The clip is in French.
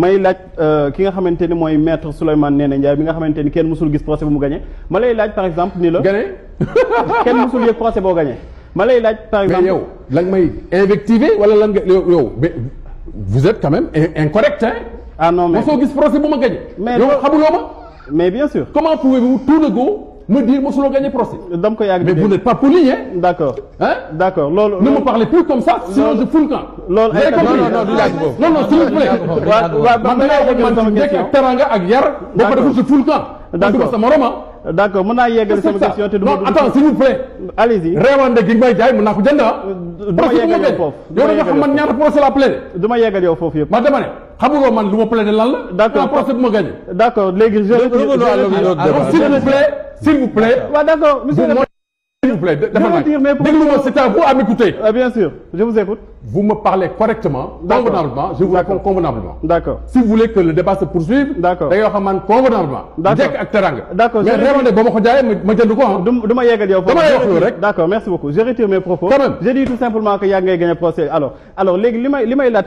may laaj euh, ki nga xamanteni moy maître souleyman Ndéné ndjay bi nga xamanteni kenn musul gis procès bu mu gagné ma laaj par exemple ni la. gagné kenn musul yé procès bo gagné. malay lay laaj par exemple mais yow lañ may invectiver wala lan nga yow vous êtes quand même incorrect hein. ah non mais mosoo gis procès bu ma gagné. mais yow mais bien sûr. comment pouvez-vous tout de go me dire mosuloo gagné procès. dama ko mais vous n'êtes pas poli hein. d'accord hein d'accord lolo ne me parlez plus comme ça sinon je fous le camp. loolu ay non non s'il vous plaît man ak teranga ak yar boo ko deful si ful camp d'accord sama roma ah. d'accord naa yeggali sama question te du ma non attends s'il vous plaît allez jaay mën naa ko da ah. euh, nga xam man ñaata du ma yeggal yow foofu yëpp ma dama ne xamuloo man lu ma plaidé lan la d'accord procès bu ma gagné d'accord léegi s'il vous plaît s'il vous plaît waaw d'accord vous à vous à m'écouter. Ah, bien sûr, je vous écoute. Vous me parlez correctement, convenablement, je vous réponds convenablement. D'accord. Si vous voulez que le débat se poursuive, d'accord. D'accord. D'accord, merci beaucoup. Je retire mes propos. J'ai dit tout simplement que y a gagné procès. Alors, alors, les, les,